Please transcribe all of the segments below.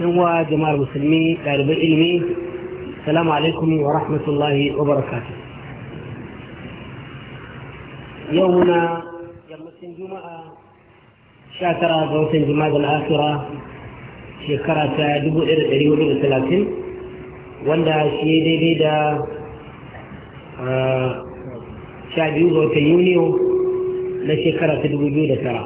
yan wa jama'ar musulmi ɗaliban ilimi salamu alaikum wa rahmatullahi wa barakatu yau muna yammacin juma'a sha tara ga watan jima'a al'asura shekara ta dubu ɗaya da ɗari hudu da talatin wanda shi daidai da sha biyu ga watan yuniyo na shekara ta dubu biyu da tara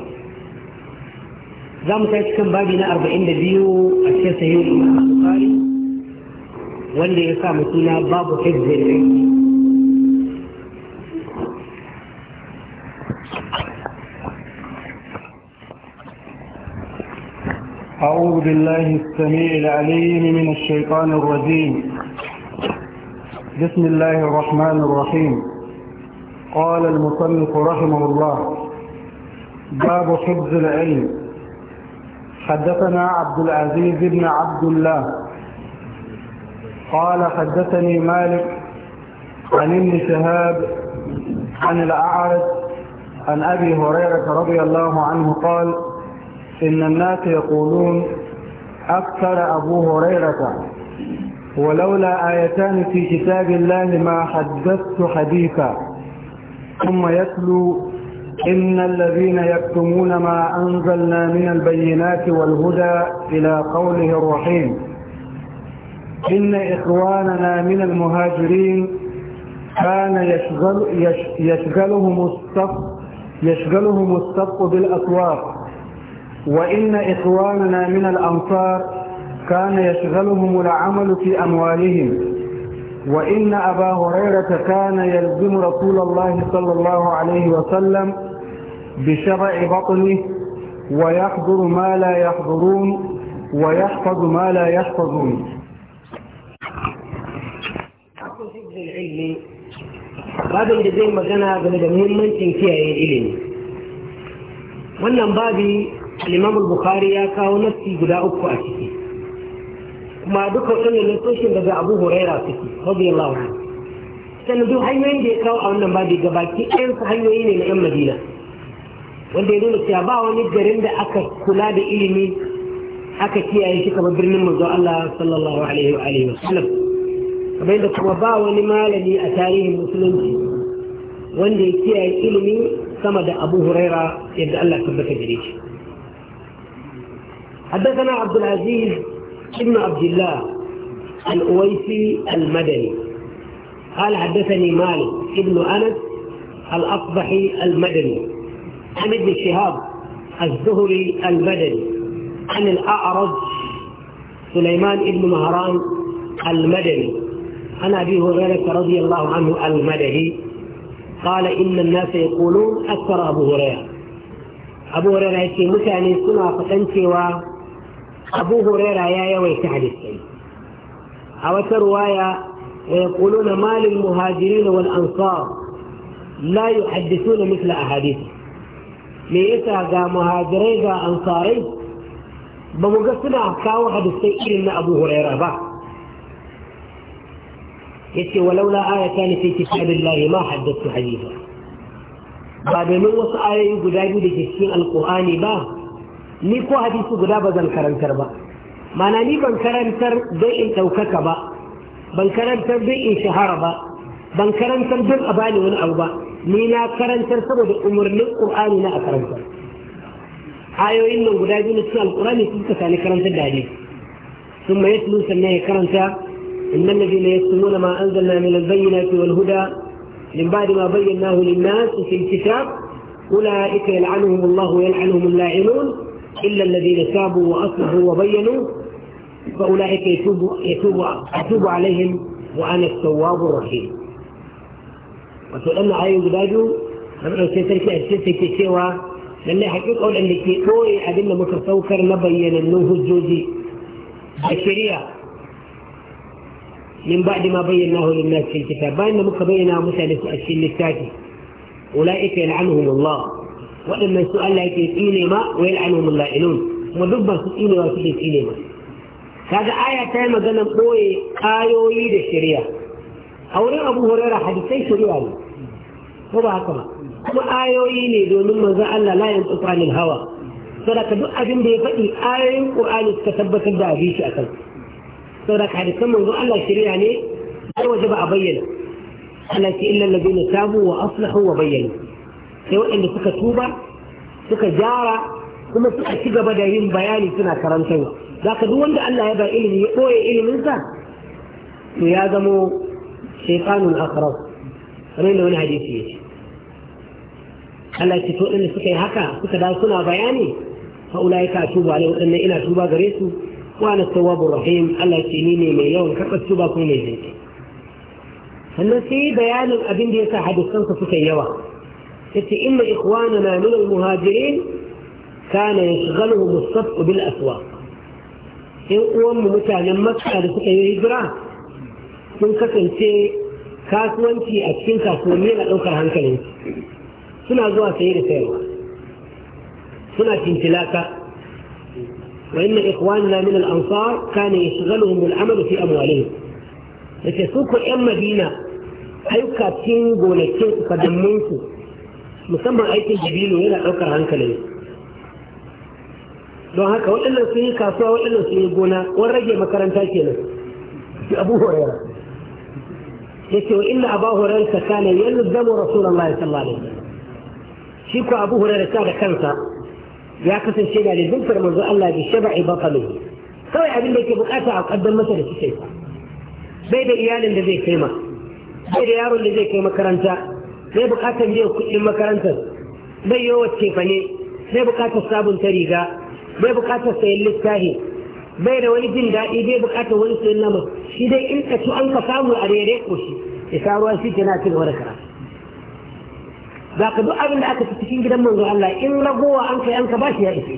za mu sai cikin babi na 42 a cikin sahih bukhari wanda ya sa suna babu hifzil أعوذ بالله السميع العليم من الشيطان الرجيم بسم الله الرحمن الرحيم قال المصنف رحمه الله باب حفظ العلم حدثنا عبد العزيز بن عبد الله قال حدثني مالك عن ابن شهاب عن الأعرج عن أبي هريرة رضي الله عنه قال إن الناس يقولون أكثر أبو هريرة ولولا آيتان في كتاب الله ما حدثت حديثا ثم يتلو إن الذين يكتمون ما أنزلنا من البينات والهدى إلى قوله الرحيم إن إخواننا من المهاجرين كان يشغل يشغلهم الصف يشغلهم الصف بالأسواق وإن إخواننا من الأنصار كان يشغلهم العمل في أموالهم وإن أبا هريرة كان يلزم رسول الله صلى الله عليه وسلم بشرع بطنه ويحضر ما لا يحضرون ويحفظ ما لا يحفظون babin da zai magana game da muhimmancin kiyaye ilimi wannan babi al bukari ya kawo nassi guda uku a ciki kuma duka wannan nassoshin daga abu huraira suke radiyallahu anhu sannan duk hanyoyin da ya kawo a wannan babi gabaki ɗayan su hanyoyi ne na yan madina wanda ya nuna cewa ba wani garin da aka kula da ilimi aka kiyaye shi kamar birnin manzo Allah sallallahu alaihi wa alihi wasallam kamar da kuma ba wani malami a tarihin musulunci wanda ya kiyaye ilimi sama da Abu Huraira yadda Allah tabbata gare shi حدثنا عبد العزيز بن عبد الله الأويسي المدني قال حدثني مالك ابن أنس الأصبحي المدني عن ابن شهاب الزهري البدري عن الأعرج سليمان بن مهران المدني عن أبي هريرة رضي الله عنه المدني قال إن الناس يقولون أكثر أبو هريرة أبو هريرة يكي متعني سنة فتنتي و أبو هريرة يا يوي تحدثي أو رواية ويقولون ما للمهاجرين والأنصار لا يحدثون مثل أحاديثه me yasa ga muhajirai ga ansarai ba mu ga suna kawo hadisai irin na abu huraira ba yace walaula ayatan fi kitabillahi ma haddathu haditha ba domin wasu ayoyi guda biyu da ke cikin alqur'ani ba ni ko hadisi guda ba zan karantar ba mana ni ban karantar don in ɗaukaka ba ban karantar don in shahara ba ban karantar don a bani wani abu ba ni na karantar saboda umarnin qur'ani na a karantar ayoyin nan guda biyu na cikin alqur'ani sun ka sani karantar da hadisi sun إن الذين يكتمون ما أنزلنا من البينات والهدى من بعد ما بيناه للناس في الكتاب أولئك يلعنهم الله ويلعنهم اللاعنون إلا الذين تابوا وأصلحوا وبينوا فأولئك يتوب, يتوب, أتوب عليهم وأنا التواب الرحيم وسلم عليهم بباجو نبدأ سيترك أسلتك سوى لأن حقيقة أقول أن الكيكوي عدلنا متفوكر نبين النوه الزوجي الشريعة من بعد ما بيناه للناس في الكتاب بأن مكبينا مسألة أسل الساتي أولئك يلعنهم الله وإما السؤال لا يتسئيني ما ويلعنهم الله إلون ودبا سئيني وسئيني ما هذا آية تاية ما قلنا بوي آيو يد الشريعة أولئك أبو هريرة حديثي سريعة ko ba haka ba kuma ayoyi ne domin manzon Allah la yanzu anil hawa saboda duk abin da ya faɗi ayoyin Qur'ani suka tabbatar da abin shi akan saboda hadisan manzon Allah shari'a ne har waje ba a bayyana Allah ce illa alladhina tabu wa aslahu wa bayyana sai waɗanda suka tuba suka gyara kuma suka ci gaba da yin bayani suna karantarwa za ka duk wanda Allah ya ba ilimi ya ɓoye iliminsa to ya zamo shaitanun akarar kamar yadda wani hadisi ya ce Allah ce to ɗin suka yi haka suka dawo suna bayani fa ulai ka tubu alai waɗannan ina tuba gare su wa ana tawwabur rahim Allah ce ni ne mai yawan karɓar tuba kuma mai jinki sannan sai bayanin abin da yasa hadisansa suka yawa yace inna ikhwanana min al-muhajirin kana yashghaluhum as-sabt bil aswaq in uwan mu mutanen makka da suka yi hijira sun kasance kasuwanci a cikin kasuwanni yana ɗaukar hankalin suna zuwa saye da sayarwa suna cintilaka wa inna na min al-ansar kana yashghaluhum al-amal fi amwalihim yace su ko ƴan madina ayyuka cikin gonakin su su musamman aikin jibilu yana ɗaukar hankalin don haka waɗannan sun yi kasuwa waɗannan sun yi gona wani rage makaranta kenan abu yara يكتب إن أبا هريرة كان يلزم رسول الله صلى الله عليه وسلم شيكو أبو هريرة كان كنسا يا قسم شيء قال يزم فرم الله بشبع بطنه سوي أبي اللي يكتب أسعى قدم مثل الشيء بيد إيان اللي ذي كيما بيد إيار اللي ذي كيما كرنسا بيد قاتل ليه كل ما كرنسا بيد يوت كيفني بيد قاتل صابون تريقا بيد قاتل سيلي الساهي بيد ولد الدائي بيد قاتل ولد سيلي shi dai in ka ci an ka samu a rere koshi ya sha ruwa shi ke na cin wani kara za ka duk abin da aka ci cikin gidan manzo Allah in ragowa an kai an ka bashi ya ishe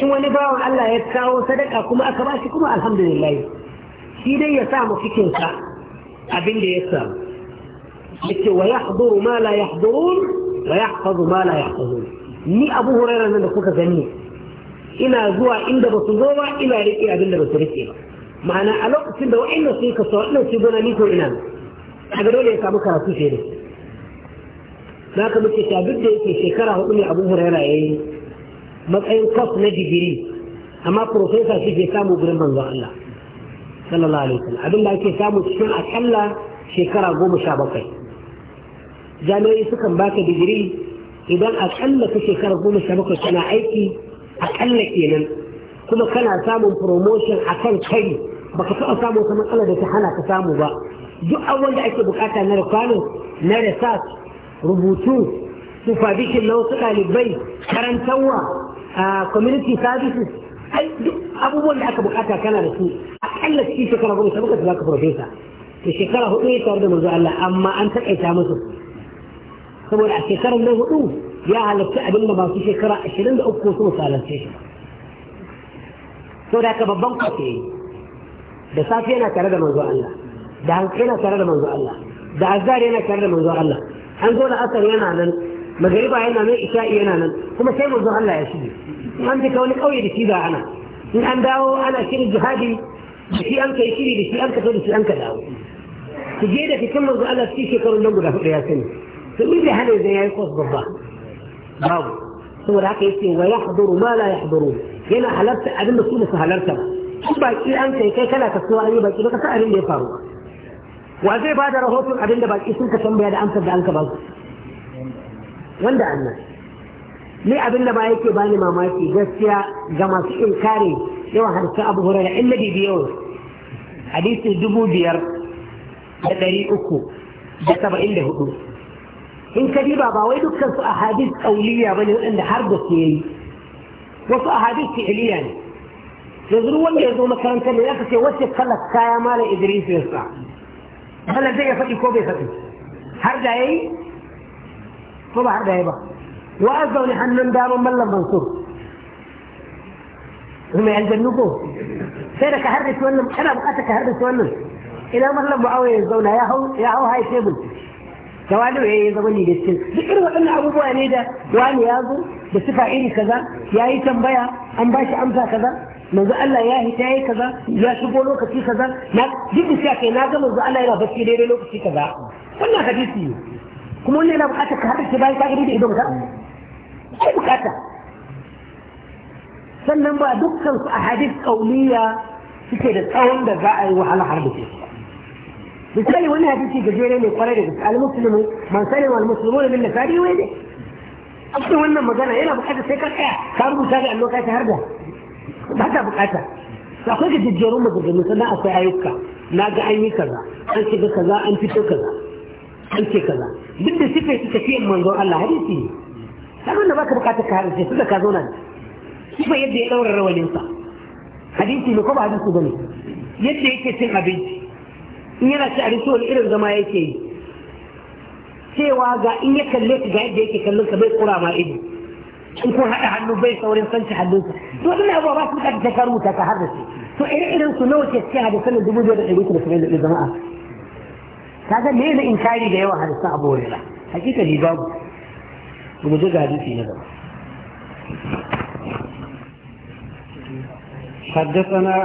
in wani bawan Allah ya kawo sadaka kuma aka bashi kuma alhamdulillah shi dai ya samu cikinsa abin da ya samu yake wa yahduru ma la yahdurun wa yahfazu ma la yahfazun ni abu hurairah nan da kuka gani ina zuwa inda ba su zo ba ina riƙe abin da ba su riƙe ba ma'ana a lokacin da wa'in su yi kaso ina su gona niko ina a ga dole ya samu karatu fiye da na ka muke ta duk da yake shekara hudu ne abu hurera ya yi matsayin kwas na digiri amma profesa shi ke samu gurin manzon Allah sallallahu alaihi wasallam Abinda ake samu cikin akalla shekara goma sha bakwai jami'ai sukan baka digiri idan akalla ta shekara goma sha bakwai kana aiki akalla kenan kuma kana samun promotion kan kai baka taɓa samu wata matsala da ta hana ka samu ba duk abin da ake bukata na rikwano na research rubutu supervision na wasu ɗalibai karantarwa community services ai duk abubuwan da aka bukata kana da su akalla cikin shekara goma sai ka zaka profesa to shekara hudu ya tare da manzo Allah amma an takaita musu saboda a shekarar nan hudu ya halatta abin da masu shekara 23 su misalance shi saboda ka babban kwafe da safe yana tare da manzo Allah da hanka yana tare da manzo Allah da azhar yana tare da manzo Allah an zo da asar yana nan magariba yana nan isha'i yana nan kuma sai manzo Allah ya shige in an fita wani kauye da shi za ana in an dawo ana shirin jihadi da shi an kai shiri da shi an kaso da shi an ka dawo su je da fitan manzo Allah su shekarun nan guda hudu ya sani su yi da hana zai yayi kwas babba babu saboda haka yace wa yahduru ma la yahduru yana halarta abin da su ba su halarta ba su baki an kai kai kana kasuwa an yi baki baka san abin da ya faru wa zai ba da rahoton abin da baki sun ka tambaya da amsar da an ka ba su wanda annan ni abin da ba yake bani mamaki gaskiya ga masu inkari yawan harshen abu hurara in na bibiyo hadisi dubu biyar da ɗari uku da saba'in da hudu in ka diba ba wai dukkan su a hadis ƙauliya ba ne waɗanda har da su yayi wasu a hadis fi'iliya ne يزرو وانجي يزرو مكان تلي لكن يوسي خلق كامال إدريس أخي هل زي يفتي كوبي يفتي هرجع اي طبع هرجع اي بقى وأزدو لحنن دام من لم ننصر هم يلجنوكو سيرك هرد سوانم حنا بقاتك هرد سوانم إلى من لم بعوه يزدونا يا هو يا هو هاي سيبل جوانو ايه يزدوني يجسل ذكروا ان ابو بو انيدا جواني يازو بصفة عيني كذا يا هي تنبيا انباش امسا كذا manzo Allah ya hita yayi kaza ya shigo lokaci kaza na duk da kai na ga manzo Allah yana bacci daidai lokaci kaza wannan hadisi ne kuma wannan yana bukata ka hada shi bayan ka gidi idan ka ai bukata sannan ba dukkan su ahadith qauliya suke da tsawon da za a yi wahala har da ke misali wannan hadisi gajere ne kwarai da gaske al-muslimu man salima al-muslimuna min nasari wa yadi cikin wannan magana yana bukata sai ka tsaya ka rubuta da allo ka har da ba ta bukata akwai ga jijjerun maganganu sannan akwai ayyuka na ga an yi kaza an shiga kaza an fito kaza an ce kaza duk da sifai su tafiya manzon Allah hadisi ne sabon da baka bukata ka hadisi su da ka zauna sifai yadda ya daura rawaninsa hadisi ne ko ba hadisi bane yadda yake cin abinci in yana ci abinci wani irin zama yake yi cewa ga in ya kalle ka ga yadda yake kallon ka bai kura ma ido in kun haɗa hannu bai saurin sanci hannunsa to ina abuwa ba su da ta karuta ka har da su to irin irin su nawa ke cikin hadisan dubu biyu da ɗari uku da saba'in da jama'a ka ga me ne inkari da yawa hadisan abu hurera hakika ni babu mu ji ga hadisi na gaba حدثنا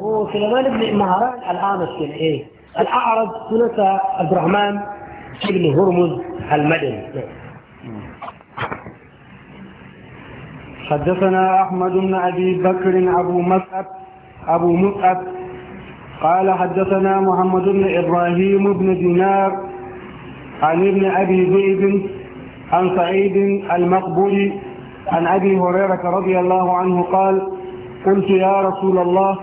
هو سليمان بن مهران الآن الشيء الأعرج ثلاثة عبد الرحمن ابن هرمز المدني حدثنا أحمد بن أبي بكر أبو مصعب أبو مصعب قال حدثنا محمد بن إبراهيم بن دينار عن ابن أبي زيد عن سعيد المقبول عن أبي هريرة رضي الله عنه قال قلت يا رسول الله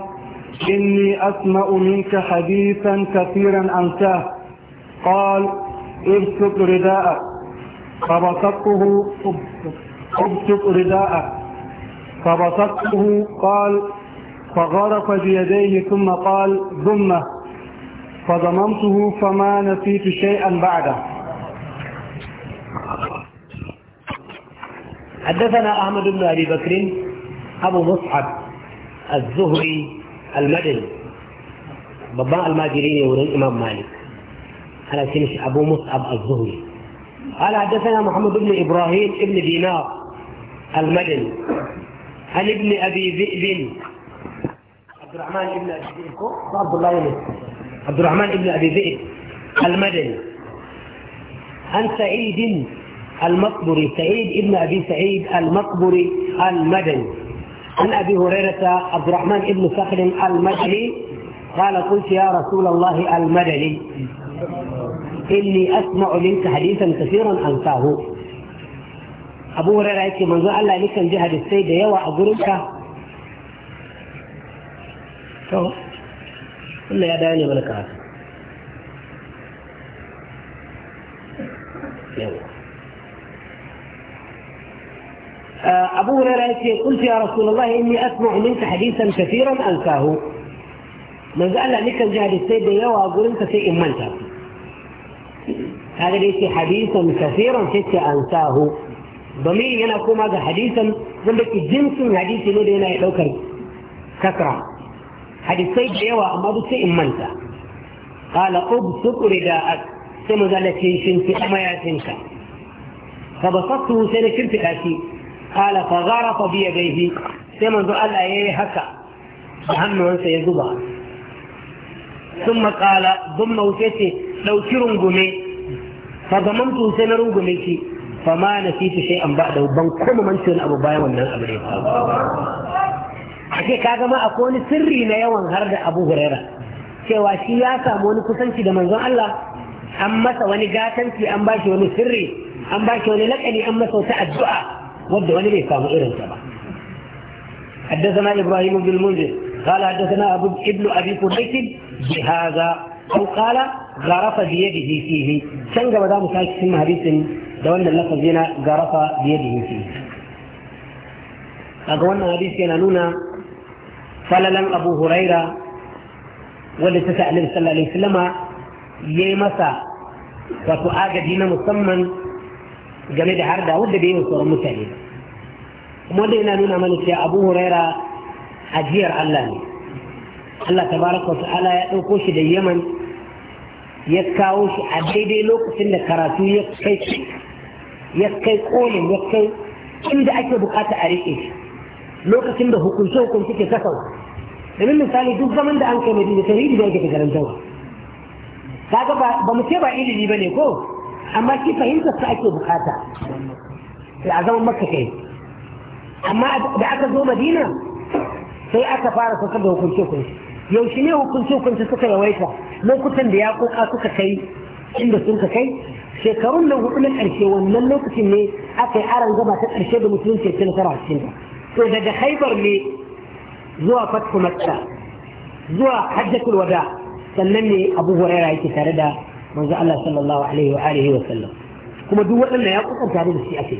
إني أسمع منك حديثا كثيرا أنساه قال ابسط رداءك فبسطته ابسط رداءك فبسطته قال فغرف بيديه ثم قال ضمه فضممته فما نسيت شيئا بعده حدثنا أحمد بن أبي بكر أبو مصعب الزهري المدني بابا الماجرين يقول الامام مالك على كنيسة أبو مصعب الظهري قال حدثنا محمد بن إبراهيم بن دينار المدني عن ابن أبي ذئب عبد الرحمن بن أبي ذئب عبد الله يونس عبد الرحمن بن أبي ذئب المدني عن سعيد المقبري سعيد ابن أبي سعيد المقبري المدني عن أبي هريرة عبد الرحمن بن سخر المدني قال قلت يا رسول الله المدني إني أسمع منك حديثا كثيرا أنساه أبو هريرة يكي زعل الله لكم جهد السيدة يوى أقولك to Allah يا dawo ne mana ka أبو هريرة قلت يا رسول الله إني أسمع منك حديثا كثيرا أنساه من الله لك جهد السيدة يوى وأقول في إيمانك هذا ليس حديثا كثيرا حتى أنساه ضمير ينا كما هذا حديثا زنبك جنس حديث اللي ينا يدوكر كثرة حديثي بيوا أما بسي إمانتا قال أبسط رداءك قال لك شنك أما يا ياتنك فبسطته سنة شنك اسي قال فغرف بيديه ثم قال أيه هكا فهم سيزبها ثم قال ضمه سيتي لو ترنقني fa gamantu sai na rungume shi fa ma na fitu sai an da ban kuma manci wani abu bayan wannan abu ne ake kaga ma akwai wani sirri na yawan har da abu huraira cewa shi ya samu wani kusanci da manzon Allah an masa wani gatanci an shi wani sirri an shi wani lakani an masa wata addu'a wadda wani bai samu ta ba حدثنا ابراهيم بن المنذر قال حدثنا ابو ابن ابي قريش بهذا او قال غرف بيده فيه شنجا بدا مساك في حديث da wannan lafazi na garafa biye da yake kaga wannan hadisi yana nuna falalan abu huraira wanda ta sa annabi sallallahu alaihi wasallam yayi masa wato agaji na musamman game da harda wanda bai yi sauran mutane wanda yana nuna mana cewa abu huraira ajiyar Allah ne Allah tabaraka wa ya ɗauko shi da Yaman يكاوش عديدي لوك سنة كراتو يكي يكي قولي يكي كم ده أكي بقاطة أريكي لوك سنة هكو شو كنت كي كسو لمن مثالي دوك زمن ده أنك مدينة سهيدي بايجي في جرم جوا كاكا بمسيبا إلي ليباني كو أما كيف هينتا سأكي بقاطة العظام مكة كي أما بعد دو مدينة سيأتا فارس وكبه هكو شو كنت يوشيني هكو شو كنت lokutan da yakoka suka kai inda suka kai shekarun da hudu na karshe wannan lokacin ne aka yi aron gaba ta karshe da musulunci ta nasara cikin to daga haibar ne zuwa fatku makka zuwa hajjatul wada sannan ne abu huraira yake tare da manzo Allah sallallahu alaihi wa alihi wa sallam kuma duk waɗannan ya kusan tare da shi ake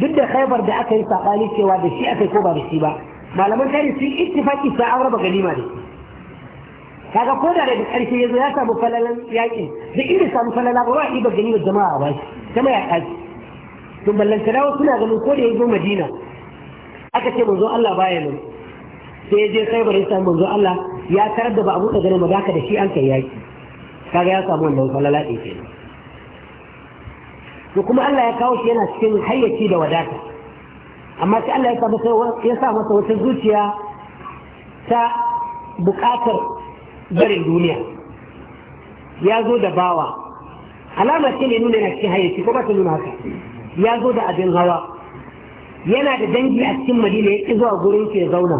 duk da haibar da aka yi sabani cewa da shi ake ko ba da shi ba malaman tarihi sun ittifaki sa an raba ganima ne kaga ko da daga karshe yazo ya samu falalan yaƙi da inda samu falala ba wa'i ba gani jama'a ba shi ta mai yaƙi to ballantarawa suna ganin ko da ya zo madina aka ce manzo Allah baya nan sai ya je sai bari samu manzo Allah ya tarar da ba abu da ganin ba da shi an kai yaƙi kaga ya samu wannan falala ɗin kenan to kuma Allah ya kawo shi yana cikin hayyaci da wadata amma sai Allah ya sa masa wata zuciya ta buƙatar barin duniya ya zo da bawa alamar shi ne nuna na cikin hayyaci ko ba ta nuna haka ya zo da abin hawa yana da dangi a cikin madina ya ƙi zuwa gurin ke zauna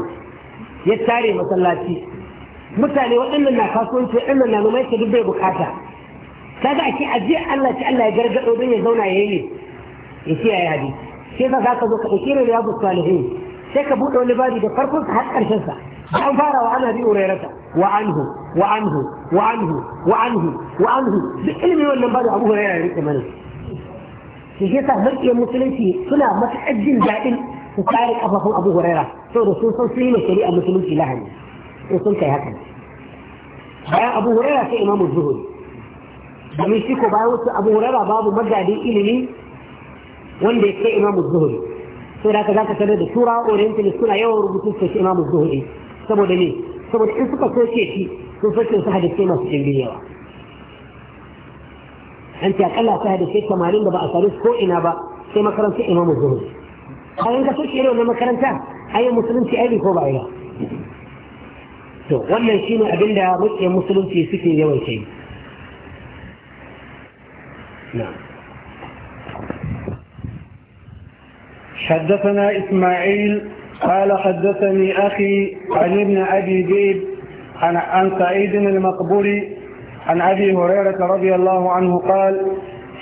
ya tare masallaci mutane waɗannan na kasuwanci waɗannan na noma yake duk bai bukata kaga ake ajiye Allah ta Allah ya gargaɗo don ya zauna ya yi ya ce ya yadi sai ka zaka zo ka ɗauki ne ya bu salihin sai ka buɗe wani bari da farkon ka har ƙarshen sa an farawa wa ana bi urairata وعنه وعنه وعنه وعنه وعنه بحلم يقول لهم بعد ابو هريره يعني كمان شيخيسا من ايه مسلمتي سنا ما تحجين دائم وكارك افافون ابو هريره سو رسول صلى الله عليه وسلم شريعه مسلمتي لهم رسول كي هكذا بيان ابو هريره في امام الزهري ومن شيكو بيان ابو هريره بابو مجادي الي وندي في امام الزهري سورة كذا كذا سورة أورينت للسورة يا ورب تنسى إمام الزهري سبب فمن انفق التوكيل في تنفسر صاحب السيمة في الجنبيرة أنت أقل أصحاب السيد كمالين بقى أصاريس كو إنا بقى سيما كرمت إمام الزهور قال إنك سوش إليه لما كرمت أي مسلم في أهلي كوبا إله وانا يشين أبن لها مسلم في مسلم في سكين يوم الشيء نعم حدثنا إسماعيل قال حدثني أخي عن ابن أبي ذئب عن, عن سعيد المقبول عن أبي هريرة رضي الله عنه قال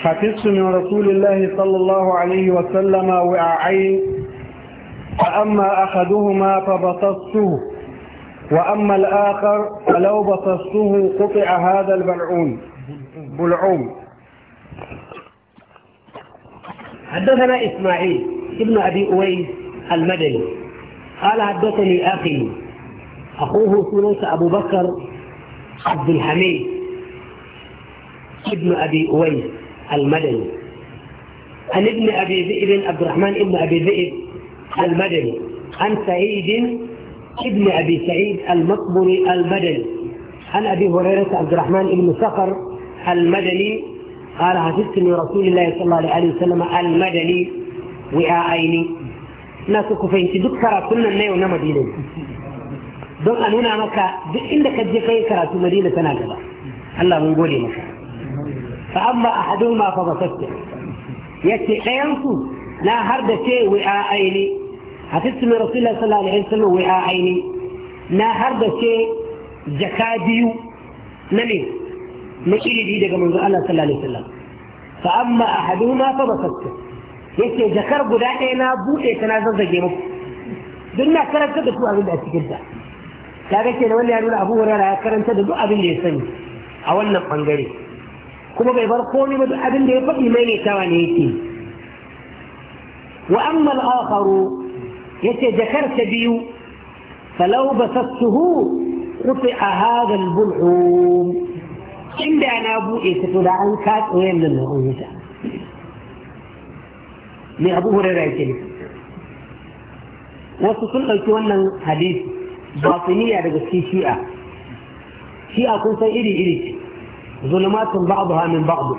حفظت من رسول الله صلى الله عليه وسلم وعين فأما أحدهما فبطسته وأما الآخر فلو بطسته قطع هذا البلعوم بلعوم حدثنا إسماعيل ابن أبي أويس المدني قال حدثني أخي أخوه ثلث أبو بكر عبد الحميد ابن أبي أويس المدني عن ابن أبي ذئب عبد الرحمن ابن أبي ذئب المدني عن سعيد ابن أبي سعيد المقبري المدني عن أبي هريرة عبد الرحمن بن صخر المدني قال حدثني رسول الله صلى الله عليه وسلم المدني وعائني na so ku fahimci duk karatun nan na yau na madina don a nuna maka duk inda ka je kai karatu madina tana gaba Allah mun gode maka fa amma ahaduhuma fa basatta yace ɗayan su na har da ce wi'a aini hafiz min rasulullah sallallahu alaihi wasallam wi'a aini na har da ce jaka biyu na ne na daga manzo Allah sallallahu alaihi wasallam fa amma ahaduhuma fa basatta yake jakar guda ɗaya na buɗe ta na zazzage muku duk na karanta da su abin da a cikin ta ta ga ke da wani ya nuna abu hurara ya karanta da duk abin da ya sani a wannan bangare kuma bai bar komai ba duk abin da ya faɗi mai ne tawa ne yake wa amma al-akharu yace jakar ta biyu falau sassuhu rufe a hadha al-bulhum inda na buɗe ta to da an katse wayan nan na mai abu hurera yake ne wasu sun ɗauki wannan hadis ba su niyya daga cikin shi'a shi'a kun san iri iri zulumatun ba'daha min ba'd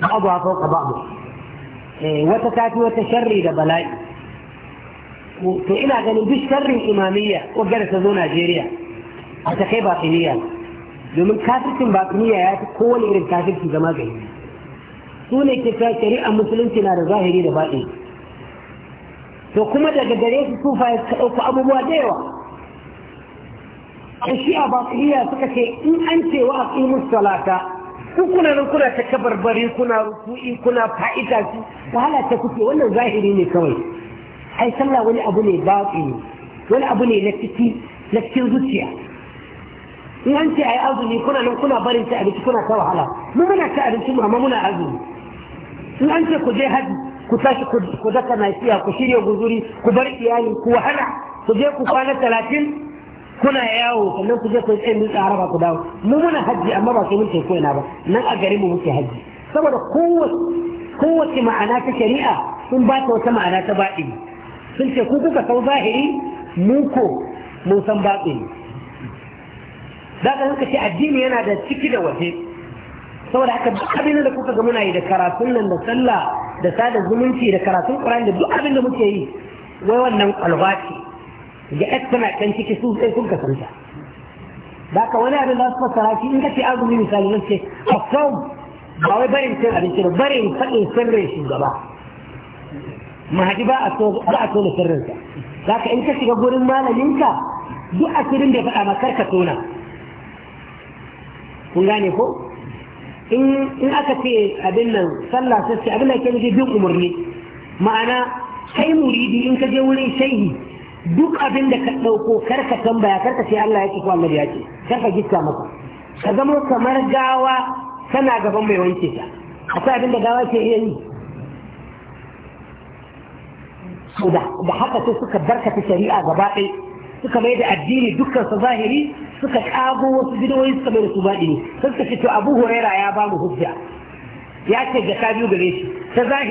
ba'daha fawqa ba'd eh, wata tafi wata sharri da bala'i to ina ganin duk sharrin imamiyya gara ta zo Najeriya a ta kai batiniya domin kafircin batiniya ya fi kowane irin kafirci zama gari sune ne ke ta shari'a musulunci na da zahiri da baɗi to kuma daga gare su sufaye suka ɗauka abubuwa da yawa shi'a ba su iya suka ce in an ce wa a ƙimus salata ku kuna rukuna ta kabarbari kuna ruku'i kuna fa'ita su wahala ta kuke wannan zahiri ne kawai ai sallah wani abu ne baƙi wani abu ne na cikin zuciya in an ce ai azumi kuna nan kuna barin ta abinci kuna ta wahala mu muna ta abinci mu amma muna azumi in an ce ku je haji ku tashi ku daka nasiya ku shirya guzuri ku bar iyali ku wahala ku je ku kwana talatin kuna yawo sannan ku je ku tsaye mun ba ku dawo mu muna haji amma ba su mun ce ko ba nan a garin mu muke haji saboda kowace ma'ana ta shari'a sun ba ta wata ma'ana ta baɗi sun ce ku kuka san zahiri mu ko mun san baɗi da ka ce addini yana da ciki da waje saboda haka duk abin da kuka ga muna yi da karatun nan da sallah da sada zumunci da karatun Qur'ani da duk abin da muke yi wai wannan kwalba ce ga tana kan ciki su sai kun kasanta da ka wani abin da su fassara shi in kace azumi misali zan ce afsau ba wai barin cin abinci ba barin faɗin sirrin shugaba mahadi ba a so ba a so da sirrinsa za ka in ka shiga gurin malaminka duk asirin da ya faɗa maka ka tona kun gane ko in aka ce abin nan sallah sai abin da ke je bin umarni ma'ana kai muridi in ka je wurin shaihi duk abin da ka ɗauko kar ka tambaya kar ka ce Allah ya ce ko Allah ya ce kar ka gitta maka ka zama kamar gawa tana gaban mai wanke ta akwai abin da gawa ke iya yi da haka sai suka ta shari'a gaba ɗaya suka mai da addini dukkan su zahiri suka kago wasu bidoyi suka mai da su baɗi ne sun suka ce to abu huraira ya ba mu hujja ya ce jaka biyu gare shi ta zahiri